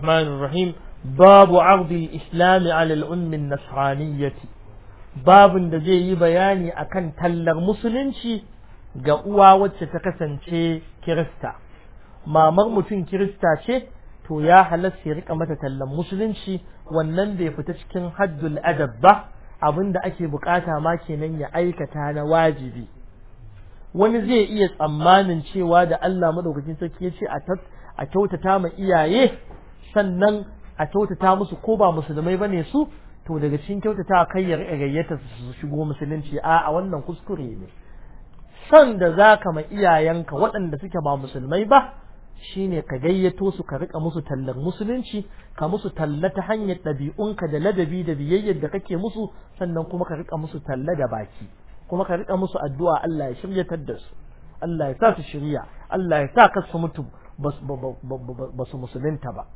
الرحمن الرحيم باب عرض الإسلام على الأم النصرانية da zai yi bayani a kan tallar musulunci ga uwa wacce ta kasance kirista mamar mutum kirista ce to ya halatta ya rika mata tallar musulunci wannan bai fita cikin haddul adab ba abin da ake bukata ma kenan ya aikata na wajibi wani zai iya tsammanin cewa da Allah madaukakin sarki ya ce a kyautata ma iyaye sannan a kyautata musu ko ba musulmai bane su to daga cikin kyautata kai ya gayyata su shigo musulunci a a wannan kuskure ne san da zaka ma iyayenka waɗanda suke ba musulmai ba shine ka gayyato su ka rika musu tallar musulunci ka musu talla ta hanyar ɗabi'unka da ladabi da biyayyar da kake musu sannan kuma ka rika musu talla da baki kuma ka rika musu addu'a Allah ya shiryatar da su Allah ya sa su shirya Allah ya sa ka su mutu ba su musulunta ba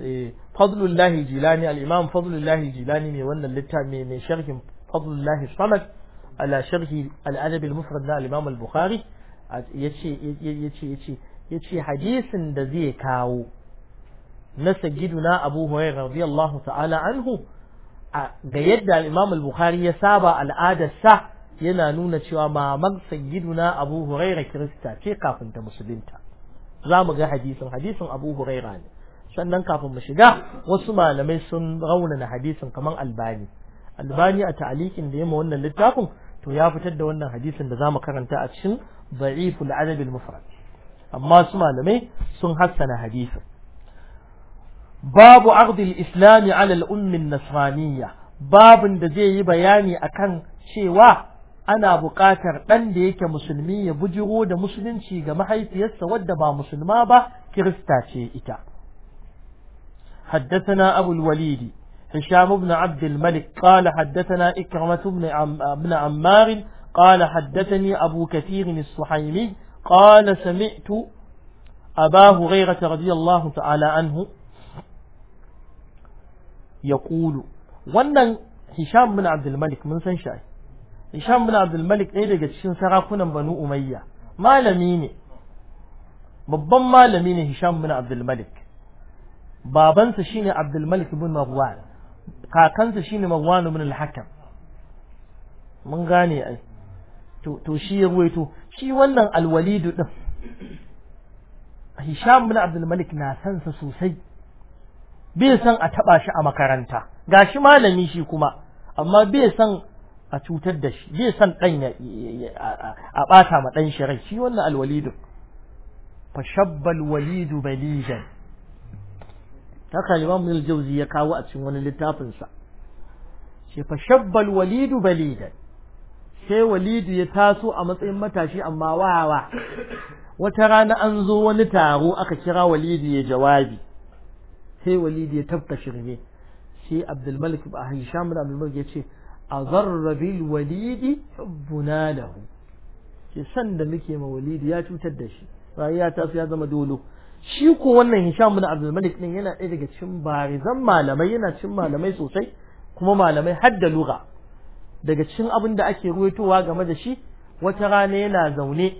Eh, fadlullahi jilani al-imam fadlullahi jilani ne wannan littafi mai sharhin fadlullahi samad ala sharhi al-adab al-mufrad na al-imam al-bukhari yace yace yace yace hadisin da zai kawo na sajiduna abu hurairah radiyallahu ta'ala anhu ga yadda al-imam al-bukhari ya saba sa yana nuna cewa mamar sayyiduna abu huraira kirista ce kafin ta musulunta za mu ga hadisin hadisin abu huraira ne sannan kafin mu shiga wasu malamai sun raunana hadisin kamar albani albani a ta'alikin da yamma wannan littafin to ya fitar da wannan hadisin da zamu karanta a cikin da'iful adab al-mufrad amma su malamai sun hassana hadisin babu aqd al-islam ala al nasraniyya babin da zai yi bayani akan cewa ana buƙatar ɗan da yake musulmi ya bujiro da musulunci ga mahaifiyarsa wadda ba musulma ba kirista ce ita حدثنا أبو الوليد هشام بن عبد الملك قال حدثنا إكرمة بن عمار قال حدثني أبو كثير الصحيمي قال سمعت أبا هريرة رضي الله تعالى عنه يقول وانا هشام بن عبد الملك من سنشاي هشام بن عبد الملك ايه لقد سراكنا بنو أمية ما لميني ببما لميني هشام بن عبد الملك babansa shine Abdul Malik ibn Marwan kakansa shine Marwan ibn al-Hakam mun gane ai to to shi ya ruwaito shi wannan al-Walid din Hisham ibn Abdul Malik na san sa sosai bai san a taba shi a makaranta gashi malami shi kuma amma bai san a cutar da shi bai san dan ya a bata ma dan shi rai shi wannan al-Walid fa shabbal walid balijan haka Imam Jauzi ya kawo a cikin wani littafin sa shi fa shabbal walidu balidan sai walidu ya taso a matsayin matashi amma wawa wata rana an zo wani taro aka kira walidu ya jawabi sai walidu ya tafka shirme sai Abdul Malik ba Hisham da ya ce azarra bil walidi hubbuna lahu ke san da muke ma walidi ya cutar da shi rayuwa ta su ya zama dolo shi ko wannan Hisham bin Abdul Malik din yana ɗaya daga cikin barizan malamai yana cikin malamai sosai kuma malamai har da lugha daga cikin abin da ake ruwaitowa game da shi wata rana yana zaune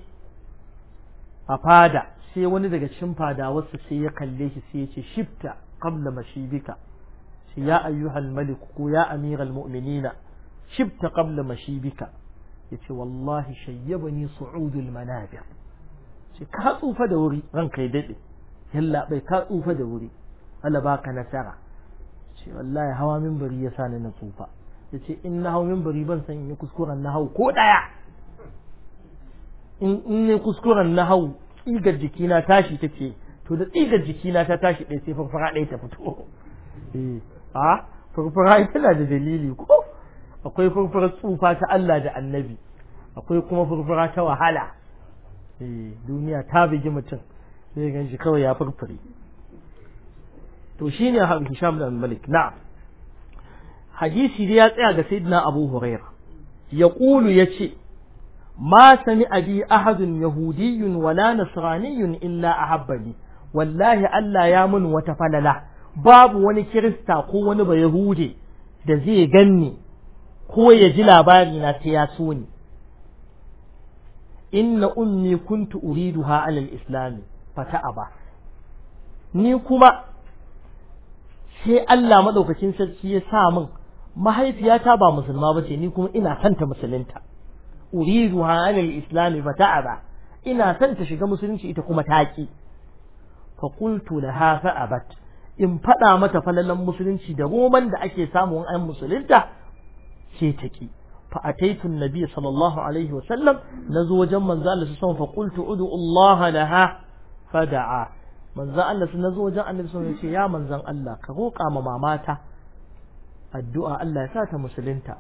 a fada sai wani daga cikin fada wasu sai ya kalle shi sai ya ce shifta qabla mashibika shi ya ayyuhal malik ko ya amiral mu'minina shifta qabla mashibika yace wallahi shayyabani su'udul manabir sai ka tsufa da wuri ranka ya dade yalla bai ka tsufa da wuri Allah baka nasara ce wallahi hawa minbari ya sa ni na tsufa yace in na hawa minbari ban san in yi kuskuren na hau ko daya in in ne kuskuren na hau tsigar jikina tashi take to da tsigar jikina ta tashi ɗaya sai farfara ɗaya ta fito eh a farfara tana da dalili ko akwai farfara tsufa ta Allah da annabi akwai kuma farfara ta wahala eh duniya ta bigi mutum sai gan shi kawai ya furfure to shine Hisham bin Malik na'am hadisi dai ya tsaya ga Sayyidina Abu Hurairah yaqulu ce ma sami abi ahadun yahudiyyun wala nasraniyyun illa ahabbani wallahi Allah ya mun wata falala babu wani kirista ko wani ba yahude da zai ganni ko ya ji labari na ta yaso ni inna ummi kuntu uriduha alal islami fata'a ba ni kuma sai Allah madaukakin sarki ya sa min mahaifiyata ba musulma bace ni kuma ina santa musulunta uridu hanil islami fata'a ba ina santa shiga musulunci ita kuma taki fa qultu laha fa in fada mata falalan musulunci da roman da ake samu an musulunta ce ta ki fa ataitu annabi sallallahu alaihi wasallam nazo wajen manzo Allah sallallahu fa qultu udu Allah laha fada'a manzan Allah sun nazo wajen annabi sun ce ya manzan Allah ka roƙa ma mamata addu'a Allah ya sa ta musulunta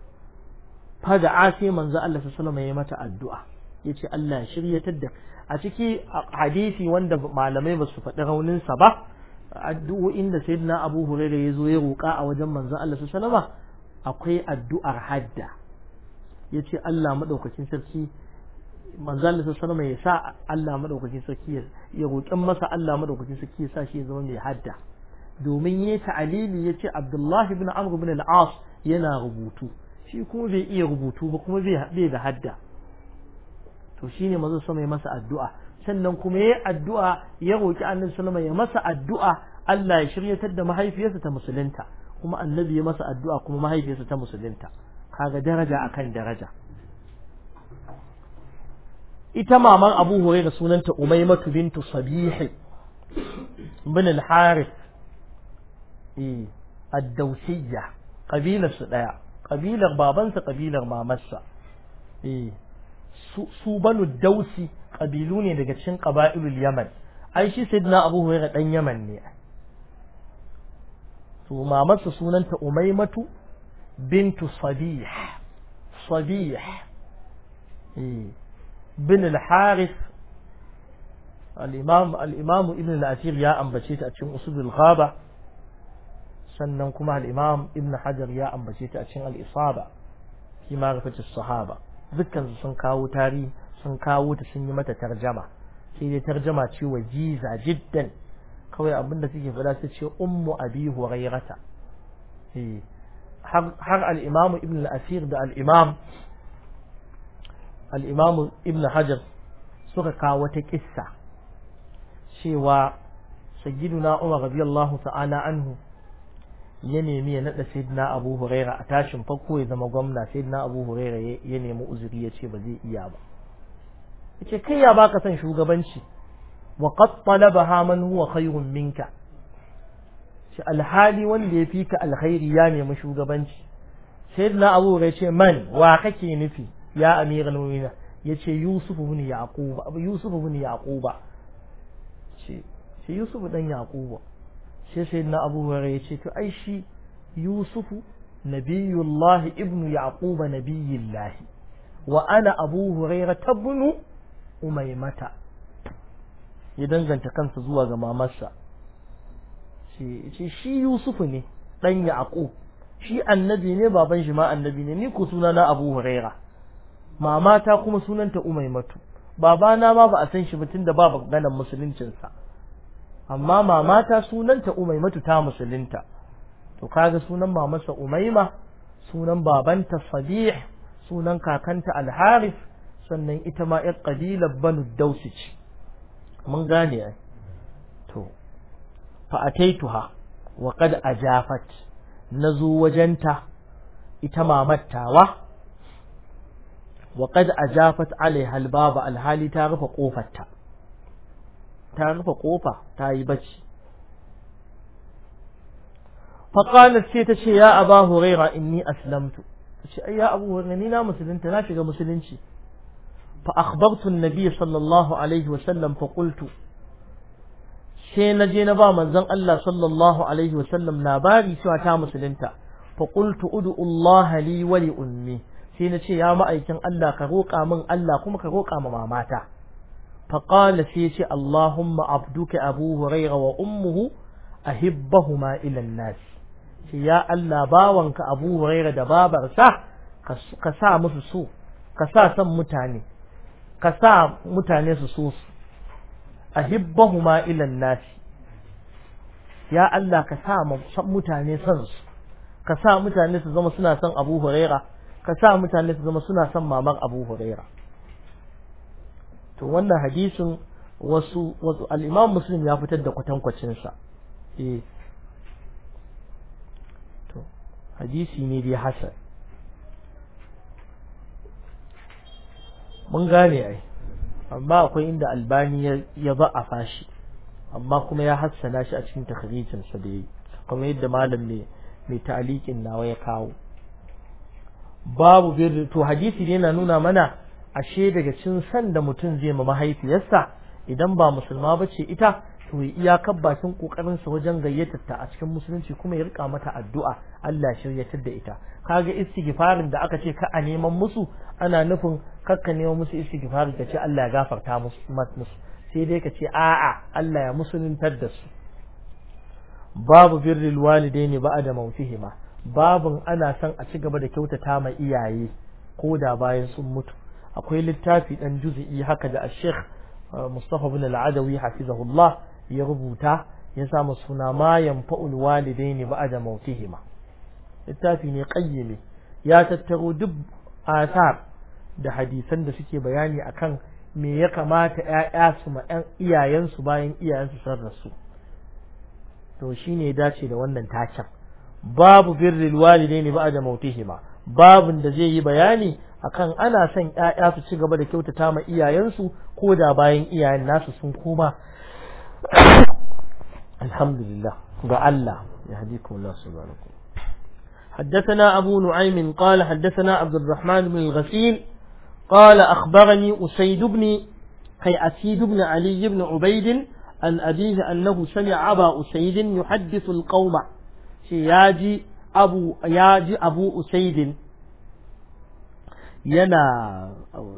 fada'a sai manzan Allah sallallahu alaihi wasallam ya mata addu'a yace Allah ya shiryatar da a ciki hadisi wanda malamai ba su faɗi raunin sa ba addu'o'in da sayyidina Abu Hurairah ya zo ya roƙa a wajen manzan Allah sallallahu alaihi wasallam akwai addu'ar hadda yace Allah madaukakin sarki manzan sun sassar mai sa Allah maɗaukakin sarki ya roƙin masa Allah maɗaukakin sarki ya sa shi ya zama mai hadda domin ya ta'alili ya ce Abdullahi ibn Amr ibn al-As yana rubutu shi kuma bai iya rubutu ba kuma bai da hadda to shine manzon sun ya masa addu'a sannan kuma ya addu'a ya roƙi annabi sallama ya masa addu'a Allah ya shiryatar da mahaifiyarsa ta musulunta kuma annabi ya masa addu'a kuma mahaifiyarsa ta musulunta kaga daraja akan daraja ita maman abu huraira sunanta umaymatu bintu sabihi bin al-harith eh ad su daya kabilar babansa kabilar mamarsa eh, su banu dausi kabilu ne daga cikin ƙaba'ilul yaman ai shi abu huraira dan yaman ne su mamarsa sunanta umaymatu bintu sabih sabih eh, بن الحارث الإمام الإمام ابن الأثير يا أم بشيت أتشم أصول الغابة سنن كما الإمام ابن حجر يا أم بشيت أتشم الإصابة في معرفة الصحابة ذكر سنكاو تاري سنكاو تسنية متى ترجمة سيدي ترجمة شي وجيزة جدا قوي أبن نتيجة فلا تتشي أم ابي وغيرتها إيه. هي حق الإمام ابن الأثير ده الإمام al'imamu ibn hajar suka kawo wata kissa cewa sayyiduna umar radiyallahu ta'ala anhu ya nemi ya naɗa sayyidina abu huraira a tashin farko ya zama gwamna sayyidina abu huraira ya nemi uzuri ya ce ba zai iya ba yace kai ya baka son shugabanci wa qad talabaha man huwa khayrun minka shi alhali wanda ya fika alkhairi ya nemi shugabanci sayyidina abu huraira ce man wa kake nufi ya amiral mu'minin yace yusuf ibn yaquba yusuf ibn yaquba ce shi yusuf dan yaquba shi sai na abu ya yace to ai shi yusuf nabiyullahi ibn yaquba nabiyillah wa ana abu hurairah tabnu umaymata ya danganta kansa zuwa ga mamarsa ce shi yusuf ne dan yaqub shi annabi ne baban shi ma annabi ne ni ku suna na abu hurairah Mamata kuma sunanta umaimatu babana ma ba a san shi ba da ba maganar musuluncinsa amma mamata ta sunanta umaimatu ta musulunta to kaga sunan mamarsa umaima sunan babanta sabih sunan kakanta alharif sannan ita ma yar kabilar banu dausi ce mun gane ai to fa ataituha wa qad ajafat nazo wajenta ita mamattawa wa qad ajafat alaiha albaba alhali ta rufe kofarta ta rufe kofa ta yi bacci فقالت سي تشي يا أبا هريرة إني أسلمت تشي يا أبو هريرة نينا مسلمت لا شيء مسلمتي فأخبرت النبي صلى الله عليه وسلم فقلت سي نجي نبا من زن الله صلى الله عليه وسلم ناباري سوى تا مسلمت فقلت أدعو الله لي ولأمي sai na ce ya ma'aikin Allah ka roƙa min Allah kuma ka roƙa ma mamata faqala sai ya ce Allahumma abduka Abu Hurairah wa ummuhu ahibbahuma ila an-nas sai ya Allah bawanka Abu Hurairah da babarsa ka sa musu so ka sa san mutane ka sa mutane su so su ahibbahuma ila an-nas ya Allah ka sa mutane san su ka sa mutane su zama suna son Abu Hurairah ka sa mutane su zama suna son mamar Abu Huraira to wannan hadisin wasu wasu al'imam Muslim ya fitar da kwatankwacin sa eh. to hadisi ne dai hasan mun gane ai amma akwai inda albani ya ba'a fashi amma kuma ya hassana shi a cikin takhrijin sa dai yayi kamar yadda malam ne mai ta'aliqin nawa ya kawo babu birri to hadisi ne na nuna mana ashe daga cin san da mutum zai ma mahaifiyarsa idan ba musulma ba ce ita to ya iyakar bakin sa wajen gayyatar ta a cikin musulunci kuma ya rika mata addu'a Allah shiryatar da ita kaga istighfarin da aka ce ka a neman musu ana nufin kakka neman musu istighfar ka ce Allah ya gafarta musu sai dai ka ce a'a Allah ya musuluntar da su babu birrul walidaini ba'da mautihima babin ana son a ci gaba da kyautata ma iyaye ko da bayan sun mutu akwai littafi dan juz'i haka da Sheikh uh, Mustafa bin Al-Adawi hafizahullah ya rubuta ya samu suna ma yanfa'ul walidaini ba'da mautihima littafi ne qayyimi ya tattaro duk asar da hadisan da suke bayani akan me ya kamata ‘ya'ya su ma bayan iyayensu sun rasu to shi ne dace da wannan tacin babu birril walidaini ba'da mautihima babun da zai yi bayani akan ana son ƴaƴa su ci gaba da kyautata ma iyayensu ko da bayan iyayen nasu sun koma alhamdulillah ga Allah ya hadikum Allah subhanahu حدثنا أبو نعيم قال حدثنا عبد الرحمن بن الغسيل قال أخبرني أسيد بن أي أسيد بن علي بن عبيد أن أبيه أنه سمع أبا أسيد يحدث القوم ce ya abu yaji abu usaidin yana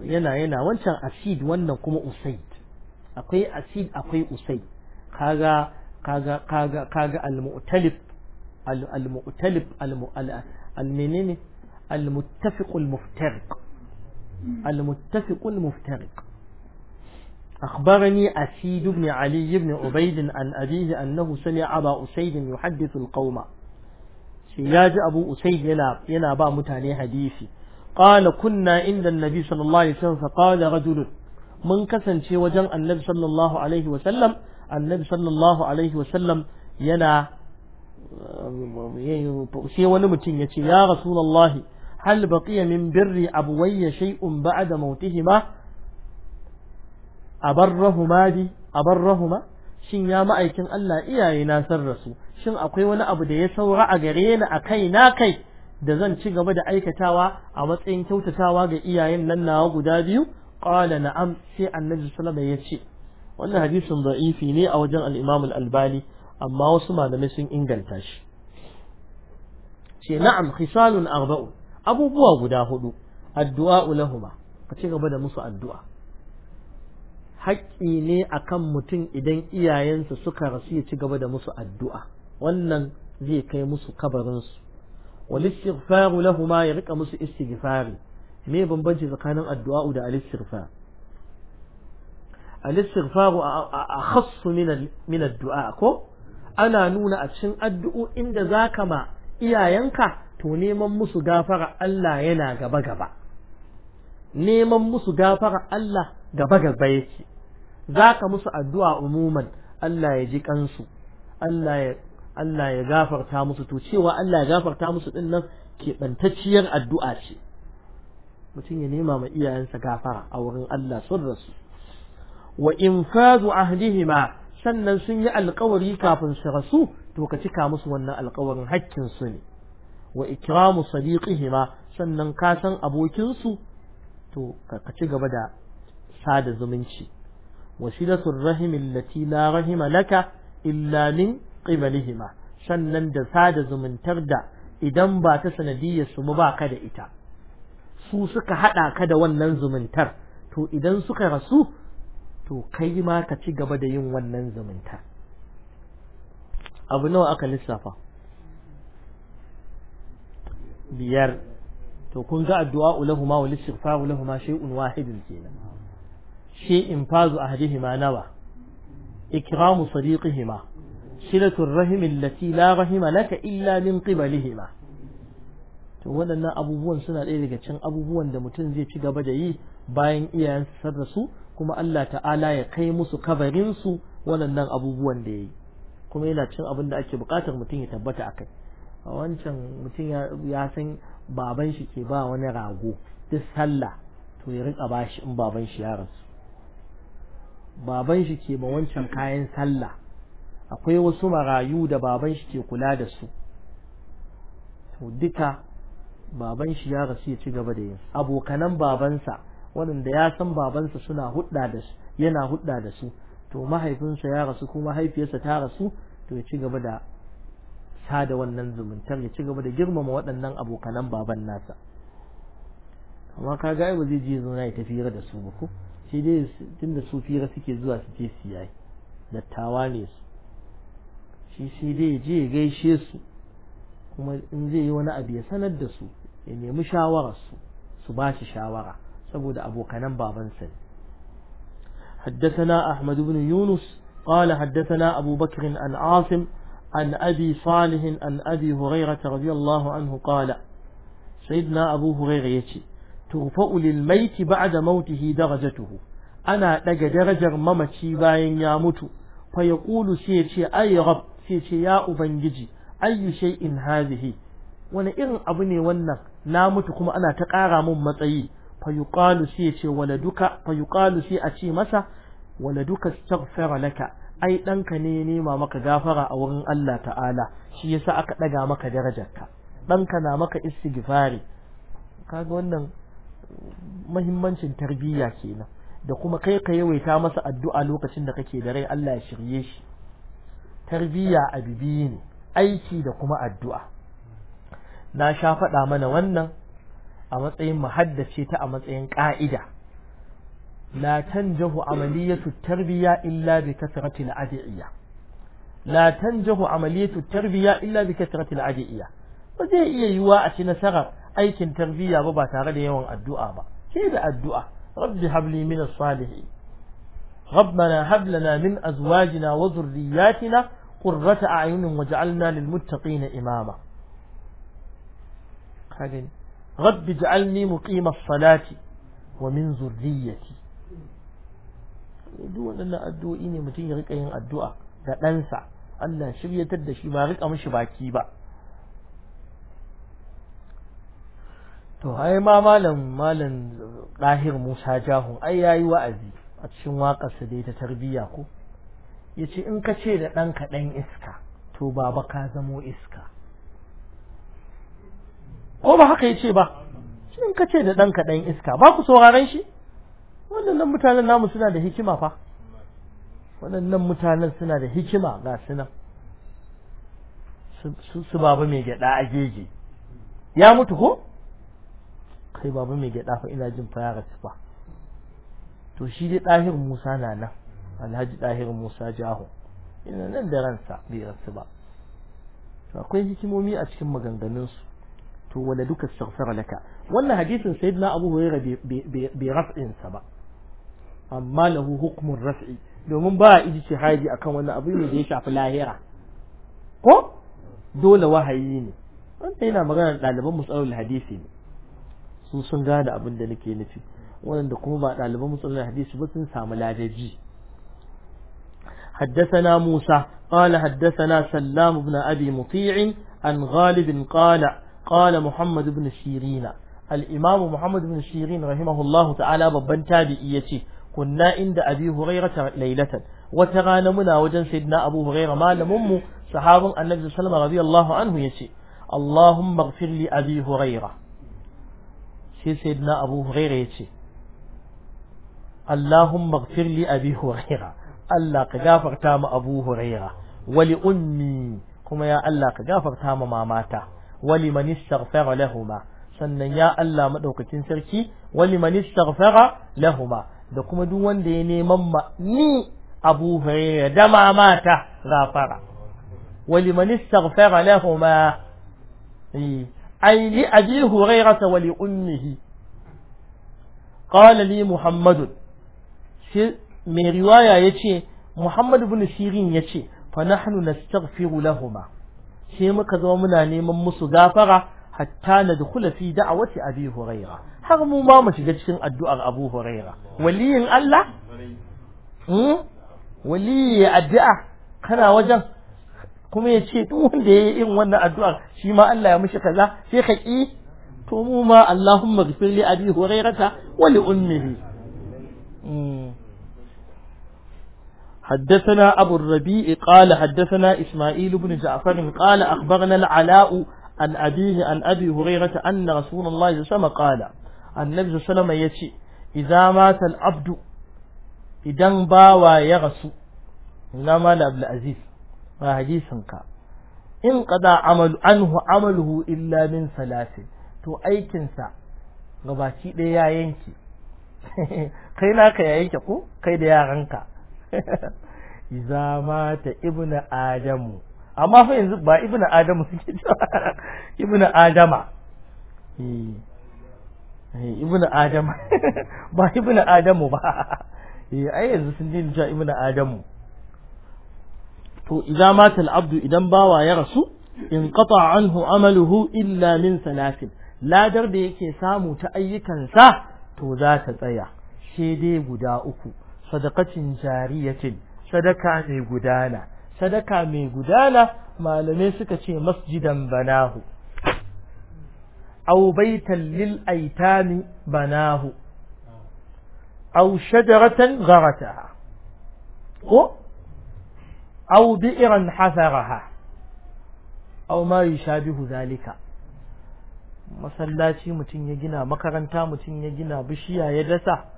yana yana wancan asid wannan kuma usaid akwai asid akwai usaid kaga kaga kaga kaga al-mu'talib al-mu'talib al-menene al-muttafiq اخبرني أسيد بن علي بن عبيد عن أبيه أنه سمع أبا أسيد يحدث القوم ya ji abu usai yana ba mutane hadisi qala kunna inda nabi sallallahu alaihi wasallam fa qala rajul mun kasance wajen annabi sallallahu alaihi wasallam annabi sallallahu alaihi wasallam yana eh, sai wani mutum ya ce ya rasulullahi hal baqiya min birri abuwayya shay'un ba'da mautihima abarrahuma bi abarrahuma shin ya ma'aikin Allah iyaye na san rasu shin akwai wani abu da ya saura a gare ni a kai na kai da zan ci gaba da aikatawa a matsayin kyautatawa ga iyayen nan nawa guda biyu qala na'am sai annabi sallallahu alaihi ya ce wannan hadisin da'ifi ne a wajen al-Imam al-Albani amma wasu malamai sun inganta shi ce na'am khisalun arba'u abubuwa guda hudu addu'a lahuma ka ci gaba da musu addu'a haƙƙi ne akan mutum idan iyayensa suka rasu ya ci gaba da musu addu'a wannan zai kai musu kabarinsu walistighfaru lahuma ya rika musu istighfari me bambanci tsakanin addu'a da alistighfar alistighfaru a khassu min addu'a ko ana nuna a cikin addu'o inda zaka ma iyayenka to neman musu gafara Allah yana gaba gaba neman musu gafara Allah gaba gaba yake zaka musu addu'a umuman Allah ya ji kansu Allah ya Allah ya gafarta musu to cewa Allah ya gafarta musu din nan keɓantacciyar addu'a ce mutum ya nema ma iyayensa gafara a wurin Allah sun rasu wa infazu ahdihima sannan sun yi alƙawari kafin su rasu to ka cika musu wannan alƙawarin hakkin su ne wa ikramu sadiqihima sannan ka san abokin su to ka ci gaba da sada zumunci wasilatul rahim allati la rahima laka illa min qibalihima sannan da sada zumuntar da idan ba ta sanadiyar su ba ka da ita su suka hada ka da wannan zumuntar to idan suka rasu to kai ma ka ci gaba da yin wannan zumuntar abu nawa aka lissafa biyar to kun ga addu'a lahuma wa listighfaru lahuma shay'un wahidun kenan shay'in fazu ahdihima nawa ikramu sadiqihima silatul rahimin lati la rahima laka illa min qibalihima to waɗannan abubuwan suna ɗaya daga cikin abubuwan da mutum zai ci gaba da yi bayan iyayen sun su, kuma Allah ta'ala ya kai musu kabarin su waɗannan abubuwan da yayi kuma yana cin abin da ake buƙatar mutum ya tabbata akai a wancan mutum ya san baban shi ke ba wani rago duk sallah to ya rika bashi in baban shi ya rasu baban shi ke ba wancan kayan sallah akwai wasu marayu da baban shi ke kula da su to duka baban shi ya rasu ya ci gaba da yin abokanan babansa waɗanda ya san babansa suna hudda da su yana hudda da su to mahaifinsa ya rasu kuma mahaifiyarsa ta rasu to ya ci gaba da sada wannan zumuntar ya ci gaba da girmama waɗannan abokanan baban nasa amma ka ga ba zai je zo na ya tafi da su ba ko sai dai tunda su fira suke zuwa su je su yayi dattawa ne su shi sai dai je gaishe su kuma in zai yi wani abu ya sanar da su ya nemi shawarar su su ba shi shawara saboda abokanan babansa ne حدثنا أحمد بن يونس قال حدثنا أبو بكر عن عاصم عن أبي صالح عن أبي هريرة رضي الله عنه قال سيدنا أبو هريرة يتي ترفع للميت بعد موته درجته أنا لقى درجة ممتي باين يموت فيقول سيرتي أي رب sai ce ya ubangiji ayyu shay'in hazihi wani irin abu ne wannan na mutu kuma ana ta kara mun matsayi fa yuqalu sai ce waladuka fa yuqalu sai a ce masa waladuka astaghfara laka ai ɗanka ne nema maka gafara a wurin Allah ta'ala shi yasa aka ɗaga maka darajarka danka na maka istighfari kaga wannan muhimmancin tarbiyya kenan da kuma kai ka yawaita masa addu'a lokacin da kake da rai Allah ya shirye shi tarbiyya a bibiyi ne aiki da kuma addu'a na sha faɗa mana wannan a matsayin muhaddace ta a matsayin ƙa'ida la tanjahu amaliyatu tarbiya illa bi kasrati al-adiyya la tanjahu amaliyatu tarbiya illa bi kasrati al-adiyya ba zai iya yiwa a ci nasarar aikin tarbiyya ba ba tare da yawan addu'a ba ke da addu'a rabbi habli min as-salihin ربنا هب لنا من أزواجنا وذرياتنا قرة أعين وجعلنا للمتقين إماما رب جعلني مقيم الصلاة ومن ذريتي دو أن أدو إني متين غيك أين أدو لا ننسى ألا شبية الدشي ما غيك أمش باكي با تو هاي ما مالا مالا قاهر موسى جاهو أي أي وأذي أتشن واقع سديت تربية كو ya ce in ka ce da ɗanka ɗan iska to baba ka zamo iska ko ba haka ya ce ba in ka ce da ɗanka ɗan iska ba ku sauraron shi waɗannan mutanen namu suna da hikima fa waɗannan mutanen suna da hikima ga su nan su baba mai gyaɗa a jeji ya mutu ko kai baba mai gyaɗa fa ina jin fa ya rasu fa to shi dai ɗahir musa na nan alhaji ɗahir musa jaho ina nan da ransa bai rasu ba akwai hikimomi a cikin maganganunsu to wala duka sarsara laka wannan hadisin sayyidina abu hurairah bai raf'in sa ba amma lahu hukmun raf'i domin ba a haji akan wani abu ne da ya shafi lahira ko dole wahayi ne wanda yana magana da ɗaliban musalul hadisi ne su sun gane abin da nake nufi wanda kuma ba ɗaliban musalul hadisi ba sun samu ladabi حدثنا موسى قال حدثنا سلام بن أبي مطيع عن غالب قال قال محمد بن سيرين الإمام محمد بن سيرين رحمه الله تعالى ببن تابعيتي كنا عند أبي هريرة ليلة وترانا منا وجن سيدنا أبو هريرة ما لمم صحاب النبي صلى الله عليه وسلم رضي الله عنه يتي اللهم اغفر لي أبي هريرة سيدنا أبو هريرة يتي اللهم اغفر لي أبي هريرة Allah ka gafarta mu Abu Huraira wali ummi kuma ya Allah ka gafarta mu mamata wali man istaghfara lahuma sannan ya Allah madaukakin sarki wali man istaghfara lahuma da kuma duk wanda ya neman ma ni Abu Huraira da mamata gafara wali man istaghfara lahuma eh, ai li abi hurairah wa li ummihi qala li muhammadun shi mai riwaya ya ce Muhammad bin Sirin ya ce fa nahnu nastaghfiru lahuma sai muka zama muna neman musu gafara hatta nadkhula fi a Abi Huraira har mu ma mu shiga cikin addu'ar Abu Huraira waliyin Allah hmm waliyi addu'a kana wajen kuma ya ce duk wanda ya yi irin wannan addu'ar shi ma Allah ya mishi kaza sai ka ƙi to mu ma Allahumma ghfir abi hurairata wa li ummihi hmm. حدثنا أبو الربيع قال حدثنا إسماعيل بن جعفر قال أخبرنا العلاء عن أبيه عن أبي هريرة أن رسول الله صلى الله عليه وسلم قال النبي صلى الله عليه وسلم يتي إذا مات العبد إذا باوى يغسو إنما لأبل أزيز ما حديثنك إن قضى عمل عنه عمله إلا من ثلاث تو أي كنسا غباكي ليا ينكي kai naka ya yanke ko kai da yaranka iza mata ibnu adamu amma fa yanzu ba ibnu adamu suke cewa ibnu adama eh. Eh, ibnu adama ba ibnu adamu ba eh ai yanzu sun dinga cewa ibnu adamu to iza mata al-abdu idan bawa ya rasu in qata anhu amaluhu illa min salasin ladar da yake samu ta ayyukansa to za ta tsaya sai dai guda uku sadaqatin jariyatin sadaka mai gudana sadaka mai gudana malamai suka ce masjidan banahu aw baitan lil aitami banahu aw shajaratan gharataha ko aw bi'ran hasaraha aw ma yushabihu zalika masallaci mutum ya gina makaranta mutum ya gina bishiya ya dasa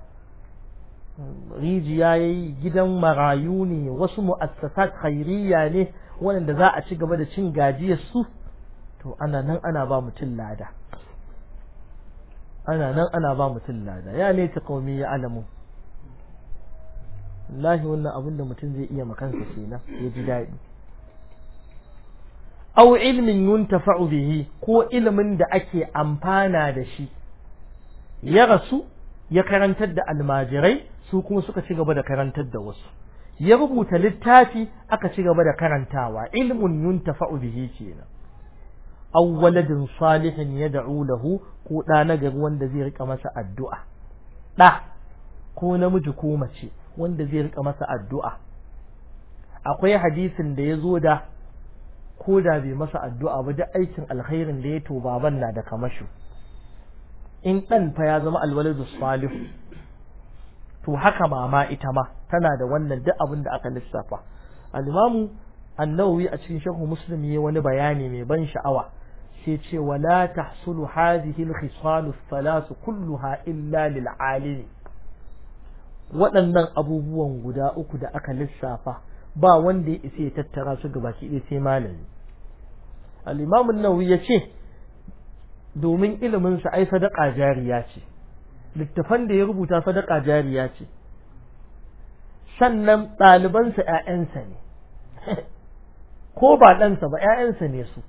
rijiya ya yi gidan marayu ne wasu mu'assasat khairiyya ne waɗanda za a ci gaba da cin gajiyar su to ana nan ana ba mutum lada ana nan ana ba mutum lada ya ne ta kaumi ya alamu lahi wannan abin da mutum zai iya makansa na ya ji daɗi au ilmin yuntafa'u bihi ko ilimin da ake amfana da shi ya rasu ya karantar da almajirai su kuma suka ci gaba da karantar da wasu ya rubuta littafi aka ci gaba da karantawa ilmun yuntafa'u bihi kenan aw waladin salihin yad'u lahu ko da nagari wanda zai rika masa addu'a da ko namiji ko mace wanda zai rika masa addu'a akwai hadisin da ya zo da ko da bai masa addu'a ba da aikin alkhairin da ya to baban na da kamashu in dan fa ya zama alwaladu salihu to haka mama ita ma tana da wannan duk abin da aka lissafa al-imamu an-nawawi a cikin sharh muslim yayi wani bayani mai ban sha'awa sai ce wala tahsulu hadhihi al-khisalu ath-thalath kulluha illa lil waɗannan abubuwan guda uku da aka lissafa ba wanda ya isa ya tattara su ga baki ɗaya sai malami al-imamu an-nawawi yace domin ilimin sa ai sadaka jariya ce littafan da ya rubuta sadaka jariya ce sannan ɗalibansa ‘ya'yansa ne ko ba ɗansa ba ‘ya'yansa ne su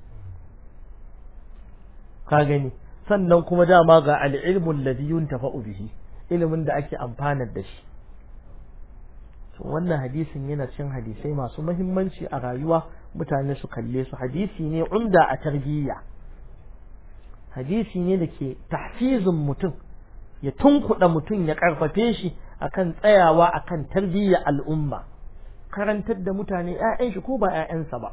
ka gani sannan kuma dama ga al'ilmun ladiyun tafa bihi ilimin da ake amfanar da shi wannan hadisin yana cin hadisai masu mahimmanci a rayuwa mutane su kalle su hadisi ne umda a tarbiyya hadisi ne da ke tafizin mutum ya tunkuɗa mutum ya ƙarfafe shi akan tsayawa akan tarbiyya al'umma karantar da mutane ‘ya'yan shi ko ba ‘ya'yansa ba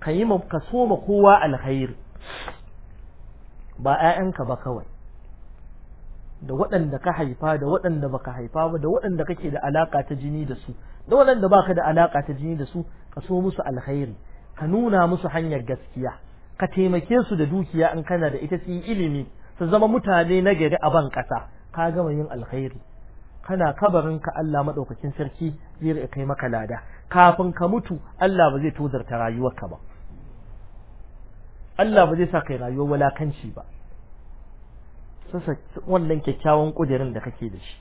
ka yi ka soma kowa alkhairi ba ‘ya'yanka ba kawai da waɗanda ka haifa da waɗanda baka haifa ba da waɗanda kake da alaka ta jini da su da waɗanda baka da alaka ta jini da su ka so musu alkhairi ka nuna musu hanyar gaskiya ka taimake su da dukiya in kana da ita su yi ilimi su zama mutane na gari a ban ƙasa ka gama yin alkhairi kana kabarin ka Allah madaukakin sarki zai rike kai maka lada kafin ka mutu Allah ba zai tozarta rayuwarka ba Allah ba zai sa kai rayuwar walakanci ba sasa wannan kyakkyawan kudirin da kake da shi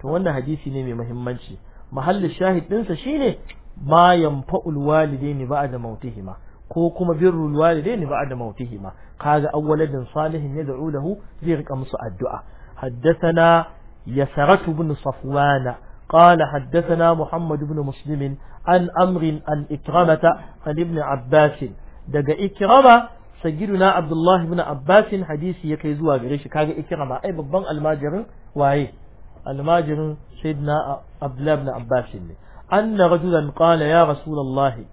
to wannan hadisi ne mai muhimmanci mahallin shahid ɗinsa shine ma yanfa'ul walidaini ba'da mautihima ko kuma birrul walidaini ba'da mautihima kaga awwaladin salihin yad'u lahu zai rika musu addu'a haddathana yasarat ibn safwan qala haddathana muhammad ibn muslim an amri an ikramata an ibn abbas daga ikrama sayyiduna abdullahi ibn abbas hadisi ya yake zuwa gare shi kaga ikrama ai babban almajirin waye almajirin sayyidina abdullah ibn abbas ne anna rajulan qala ya rasulullahi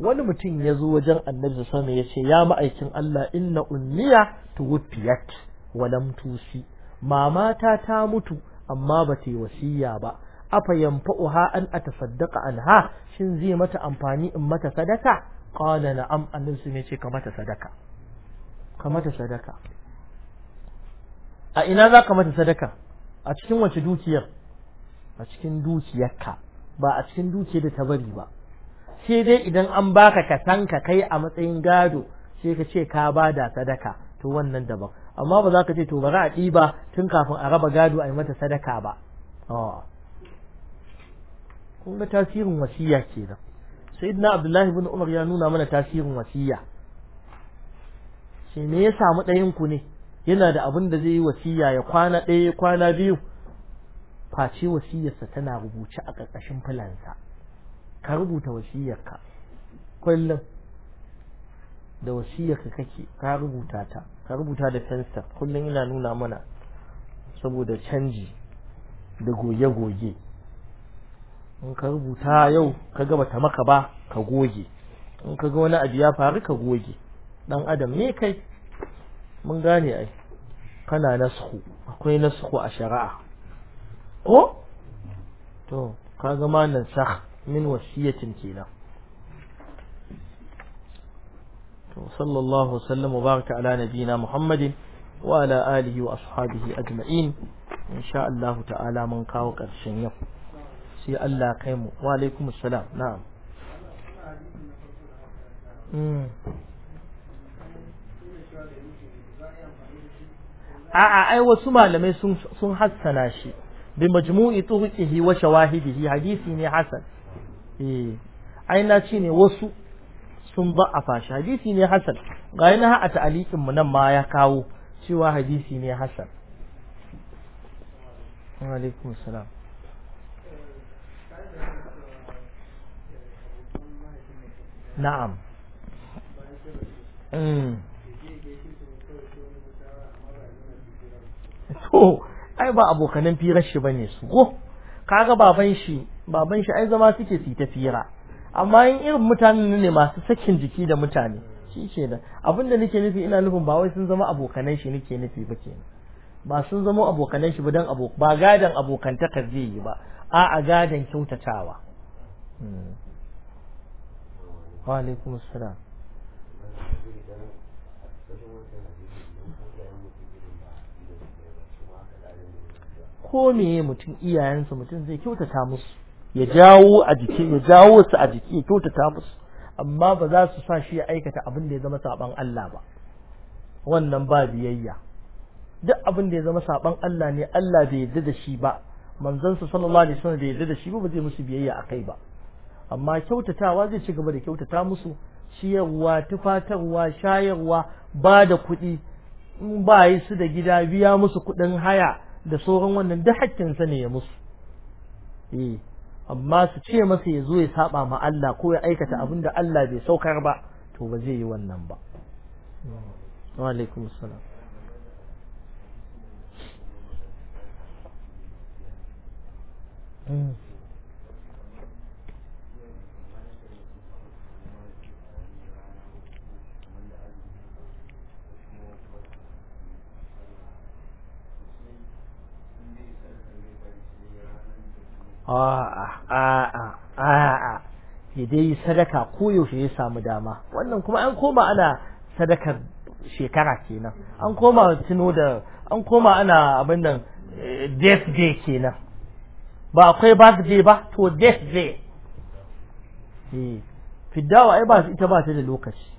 wani mutum ya zo wajen annabi sama ya ce ya ma'aikin Allah inna unniya tuwfiyat wa lam tusi mamata ta mutu amma ba ta yi wasiya ba afa yanfa'uha an atasaddaqa anha shin zai mata amfani in mata sadaka qala na'am annabi ya ce ka mata sadaka ka mata sadaka a ina za ka mata sadaka a cikin wace dukiyar a cikin dukiyarka ba a cikin dukiyar da ta bari ba sai dai idan an baka ka san ka kai a matsayin gado sai ka ce ka ba da sadaka to wannan daban amma ba za ka ce to za a ɗiba tun kafin a raba gado a yi mata sadaka ba kun tasirin wasiya kenan sayyidina abdullahi bin umar ya nuna mana tasirin wasiya shi me ya samu ɗayan ku ne yana da abin da zai yi wasiya ya kwana ɗaya kwana biyu face wasiyarsa tana rubuce a ƙarƙashin filansa ka rubuta wasiyarka kullum da wasiyarka kake ka rubuta ta ka rubuta da fenster kullum ina nuna mana saboda canji da goge-goge in ka rubuta yau ka gaba ta maka ba ka goge in ka ga wani abu ya faru ka goge dan adam ne kai mun gane ai kana nasku akwai nasku a shari'a ko to kaga ma nan sakh min wasiyatin kenan to sallallahu sallam wa baraka ala nabiyina muhammadin wa ala alihi wa ashabihi ajma'in insha Allah ta'ala mun kawo karshen yau sai Allah kai mu wa alaikum assalam na'am hmm. a'a ai wasu malamai sun hassana shi bi majmu'i turuqihi wa shawahidihi hadisi ne hassan. Eh, ai na ce ne wasu sun ba a fashi hadisi ne hasan ga yana a ta'alikin mu nan ma ya kawo cewa hadisi ne hasan alaikum salam na'am hmm. to ai ba abokanan firar shi bane su go kaga baban shi baban shi ai zama suke su ta fira amma in irin mutanen ne masu sakin jiki da mutane shi ke da abin da nake nufi ina nufin ba wai sun zama abokanai shi nake nufi ba ke ba sun zama abokanan shi ba dan abo ba gadan abokantaka zai yi ba a a gadan kyautatawa hmm. wa alaikum assalam ko meye mutum iyayensa mutum zai kyautata musu ya jawo a jiki ya jawo su a jiki ya kyautata musu amma ba za su sa shi ya aikata abin da ya zama saban Allah ba wannan ba biyayya duk abin da ya zama saban Allah ne Allah bai yarda da shi ba manzon sa sallallahu alaihi wasallam bai yarda da shi ba ba zai musu biyayya akai ba amma kyautatawa zai ci gaba da kyautata musu ciyarwa tufatarwa shayarwa ba da kuɗi in ba yi su da gida biya musu kuɗin haya da sauran wannan da haƙƙinsa ne ya musu e amma su ce masa ya zo ya saba ma Allah ko ya aikata abin da Allah bai saukar ba to ba zai yi wannan ba wa alaikum a'a a'a a'a ya dai sadaka yaushe ya samu dama wannan kuma an koma ana sadakar shekara kenan an koma tuno da an koma ana abin nan eh, death day kenan ba akwai birthday ba to death day eh, fiddawa ai ba ita ba ta da lokaci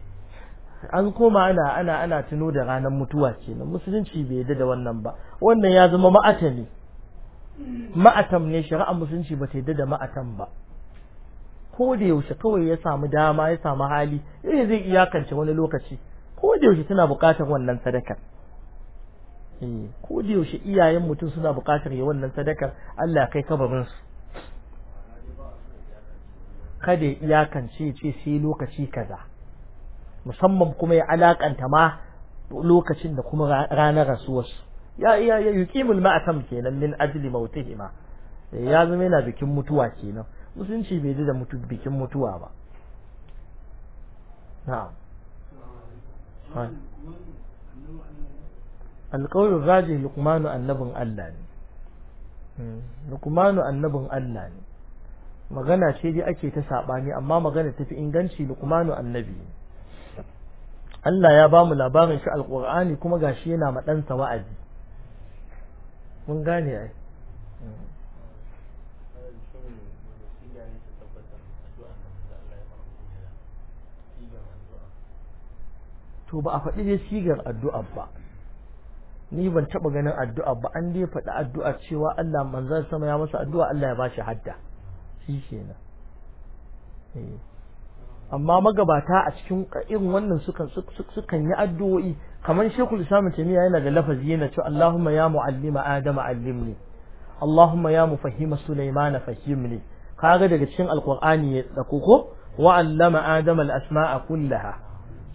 an koma ana ana ana tuno da ranar mutuwa kenan musulunci bai yarda da wannan ba wannan ya zama ma'atami ma'atam ne shari'ar musulunci ba ta yadda da ma'atam ba ko da yaushe kawai ya samu dama ya samu hali eh zai iyakance wani lokaci ko da yaushe tana buƙatar wannan sadakar eh, ko da yaushe iyayen mutum suna bukatar ya wannan sadakar Allah kai kabarin su kada ya iyakance ce sai lokaci kaza musamman kuma ya alakanta ma lokacin da kuma ranar rasuwarsu ya ya ya yuqimul ma'atam kenan min ajli mautihima ya zama yana bikin mutuwa kenan musulunci bai ji da mutu bikin mutuwa ba na'am alqawl raji lukmanu annabin Allah ne hmm. lukmanu annabin Allah ne magana ce dai ake ta saɓani amma magana tafi inganci lukmanu annabi ne Allah ya ba mu labarin shi alƙur'ani kuma gashi yana madansa wa'azi mun gane ai to ba a faɗi dai sigar addu'a ba ni ban taɓa ganin addu'a ba an dai faɗi addu'a cewa Allah manzon sama ya masa addu'a Allah ya ba shi hadda shi kenan eh. amma magabata a cikin irin wannan sukan sukan yi addu'o'i kamar Sheikhul Islam Taymiyyah yana da lafazi yana cewa Allahumma ya muallima Adama allimni Allahumma ya mufahima Sulaiman fahimni kaga daga cikin alqur'ani ya dako ko wa allama Adama al-asma'a kullaha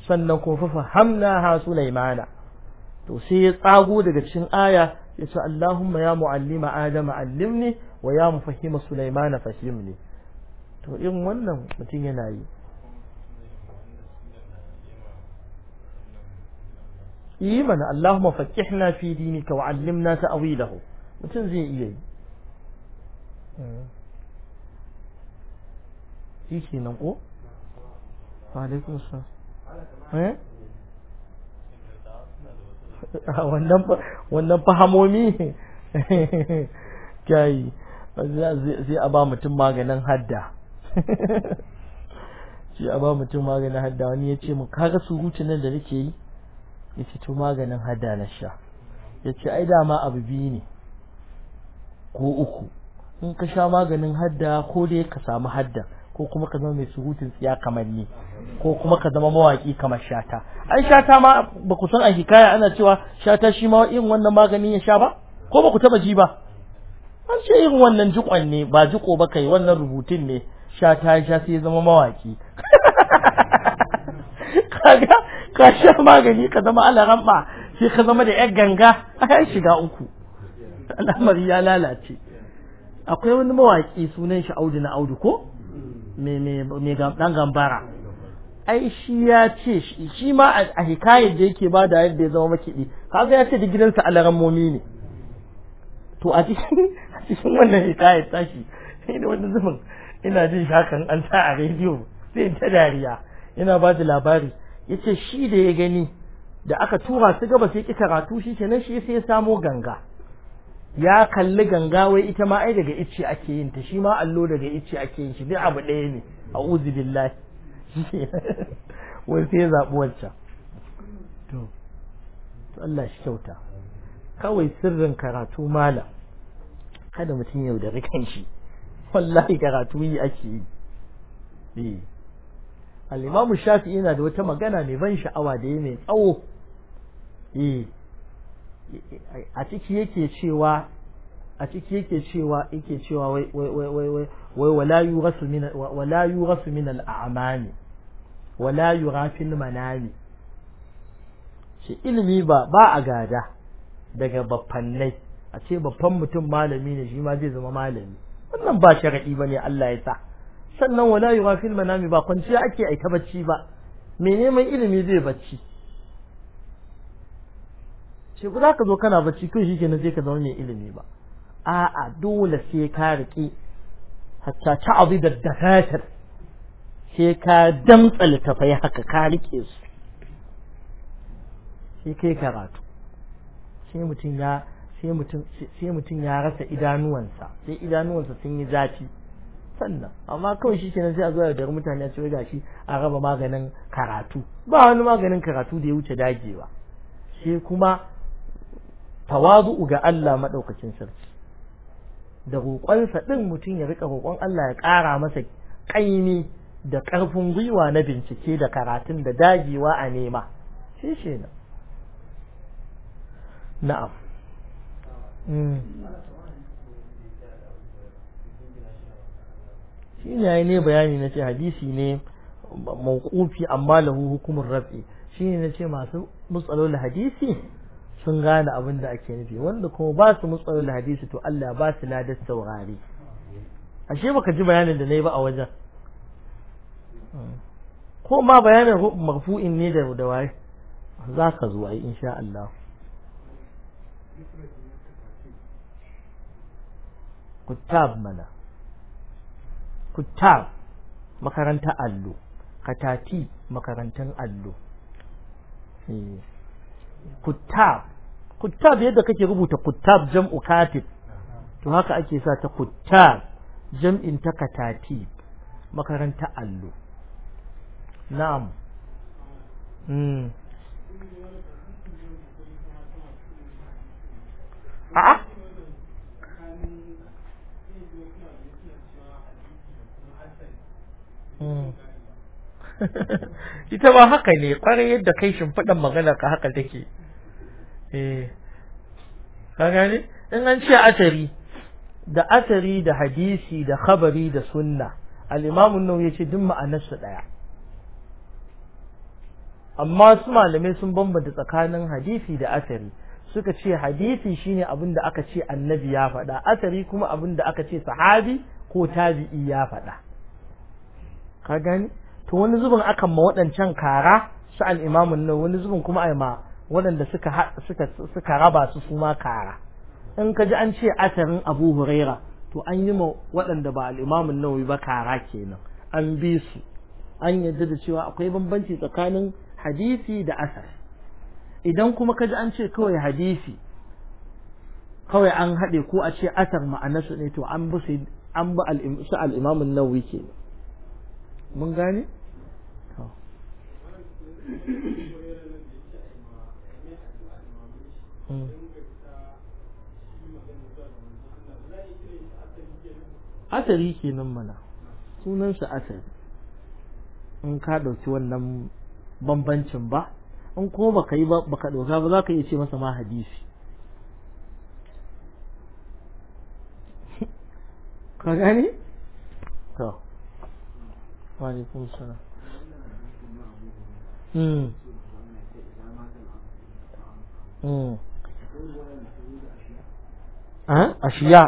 sannan kuma fa ha Sulaiman to sai ya tsago daga cikin aya ya ce Allahumma ya muallima Adama allimni wa ya mufahima Sulaiman fahimni to irin wannan mutum yana yi yi mana Allahumma faqihna fi ka wa 'allimna ta'wilahu mutum zai iya yi shi nan ko wa sa eh wannan fahamomi kai zai a ba mutum maganin hadda sai a ba mutum maganin hadda wani ya ce mu kaga surutu nan da nake yi ce to maganin hada na sha ya ce ai dama abu biyu ne ko uku in ka sha maganin hada ko dai ka samu hada ko kuma ka zama mai surutun tsiya kamar ni ko kuma ka zama mawaki kamar shata ai shata ma ba ku san a hikaya ana cewa shata shi ma irin wannan maganin ya sha ba ko ba ku taba ji ba an ce irin wannan jikon ne ba jiko ba kai wannan rubutun ne shata ya sha sai ya zama mawaki kaga ka sha magani ka zama alaramma sai ka zama da yar ganga a shiga uku al'amari ya lalace akwai wani mawaƙi sunan shi audu na audu ko mai dan gambara ai shi ya ce shi ma a hikayar da yake ba da yadda ya zama makiɗi kaga ya ce da gidansa alarammomi ne to a cikin wannan hikayar tashi sai da wani zumin ina jin shakan an ta a rediyo sai ta dariya ina ba da labari yace shi da ya gani da aka tura su gaba sai ki karatu shi kenan shi sai ya samo ganga ya kalli ganga wai ita ma ai daga icce ake yin ta shi ma allo daga icce ake yin shi duk abu ɗaya ne a'udhu billahi wai sai ya zabi wancan to Allah shi kyauta kawai sirrin karatu malam kada mutum ya yaudari kanshi wallahi karatu yi ake yi eh. al-imam shafi'i yana da wata magana mai ban sha'awa da mai tsawo eh a ciki yake cewa a ciki yake cewa yake cewa wai wai wai wai wai wala min wala yurasu min al-a'mani wala manami shi ilimi ba ba a gada daga baffannai a ce babban mutum malami ne shi ma zai zama malami wannan ba sharadi bane Allah ya sa sannan wala wa filma nami ba kwanciya ake aika bacci ba me neman ilimi zai bacci ce ku za ka zo kana bacci kai shi kenan zai ka zama mai ilimi ba a'a dole sai ka riƙe hatta ta abu da dafatar sai ka damtsa littafai haka ka riƙe su sai kai karatu sai mutum ya sai mutum ya rasa idanuwansa sai idanuwansa sun yi zafi sannan amma kawai shi kenan sai a zuwa da mutane a ce ga shi a raba maganin karatu ba wani maganin karatu da ya wuce dagewa sai kuma tawazu'u ga Allah madaukakin sarki da roƙonsa ɗin mutum ya rika roƙon Allah ya ƙara masa ƙaimi da ƙarfin gwiwa na bincike da karatun da dagewa a nema shi shi na'am hmm. shi ne ya ne bayani na ce hadisi ne mawqufi amma lahu hukumar rafi shi ne na ce masu mutsalolin hadisi sun gane abin da ake nufi wanda kuma ba su hadisi to Allah ba su ladar saurari ashe baka ji bayanin da na yi ba a wajen ko ma bayanin marfu'in ne da da waye za ka zuwa yi insha Allah kuttab mana Kutar makarantar allo katati makarantar allo kutar eh, kutar yadda kake rubuta kutar jam'u katib to haka ake sa ta kutar jam'in ta katati makarantar allo na'am hmm. a'a Mm. ita ba haka ne kwarai yadda kai shimfiɗan magana ka haka take eh gane in an ce asari da asari da hadisi da khabari da sunna al ya ce yace duk ma'anarsu ɗaya amma su malamai sun bambanta tsakanin hadisi da asari suka ce hadisi shine abin da aka ce annabi ya faɗa asari kuma abin da aka ce sahabi ko tabi'i ya faɗa ka gani to wani zubin akan ma waɗancan kara su imamun nan wani zubin kuma a ma waɗanda suka suka raba su su ma kara in ka ji an ce asarin abu huraira to an yi ma waɗanda ba imamun nauyi ba kara kenan an bi su an yadda da cewa akwai bambanci tsakanin hadisi da asar idan kuma ka ji an ce kawai hadisi kawai an haɗe ko a ce asar ma'anarsu ne to an bi su al imamun nan wike kenan mun gane hmm. asari nan mana sunansa asari in ka ɗauki wannan bambancin ba in ko baka yi baka ɗauka ba za ka iya ce masa ma hadisi ka gane to وعليكم السلام أشياء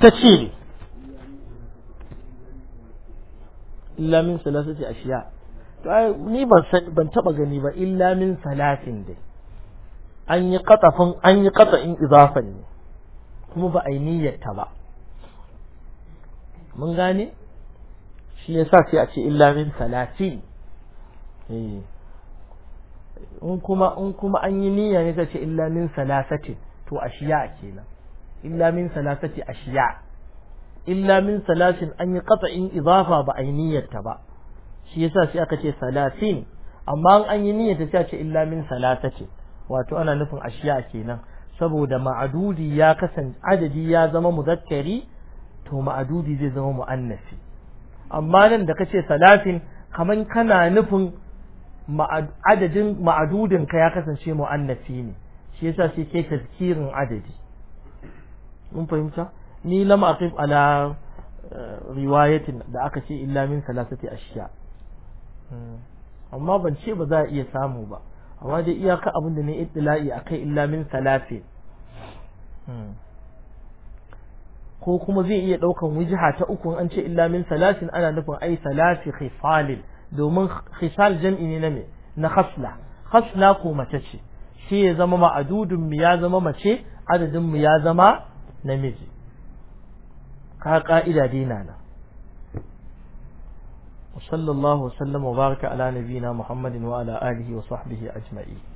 تشيري إلا من ثلاثة أشياء ni ban ban taba gani ba illa min salatin dai an yi katafin an yi kata in izafan ne kuma ba a yi ta ba mun gane shi sa sai a ce illa min salatin eh. in kuma in kuma an yi niyya ne zai ce illa min salasatin to ashiya kenan illa min salasati ashiya illa min salasin an yi qat'in idafa ba a niyyar ta ba shi yasa sai aka ce salasin amma an yi niyyar ta sai a ce illa min salasatin wato ana nufin ashiya kenan saboda ma'adudi ya kasance adadi ya zama muzakkari to ma'adudi zai zama mu'annasi amma nan da kace salatin kaman kana nufin adadin ma'adudin ka ya kasance mu'annafi ne shi yasa sai ke tazkirin adadi mun fahimta ni lam aqif ala eh, riwayatin da aka ce illa min salasati ashiya hmm. amma ban ce ba za a iya samu ba amma dai iyaka abin da ne ittila'i akai illa min salafin. Hmm. ko kuma zai iya ɗaukan wujiha ta uku an ce illa min salasin ana nufin ai salasi khisalin domin khisal jam'i ne na me na khasla khasla ko mace ce shi ya zama ma'adudun mu ya zama mace adadin mu ya zama namiji ka ka'ida wa nan وصلى الله وسلم وبارك muhammadin نبينا محمد وعلى آله وصحبه أجمعين